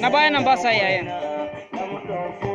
na baya nan ba sa yayan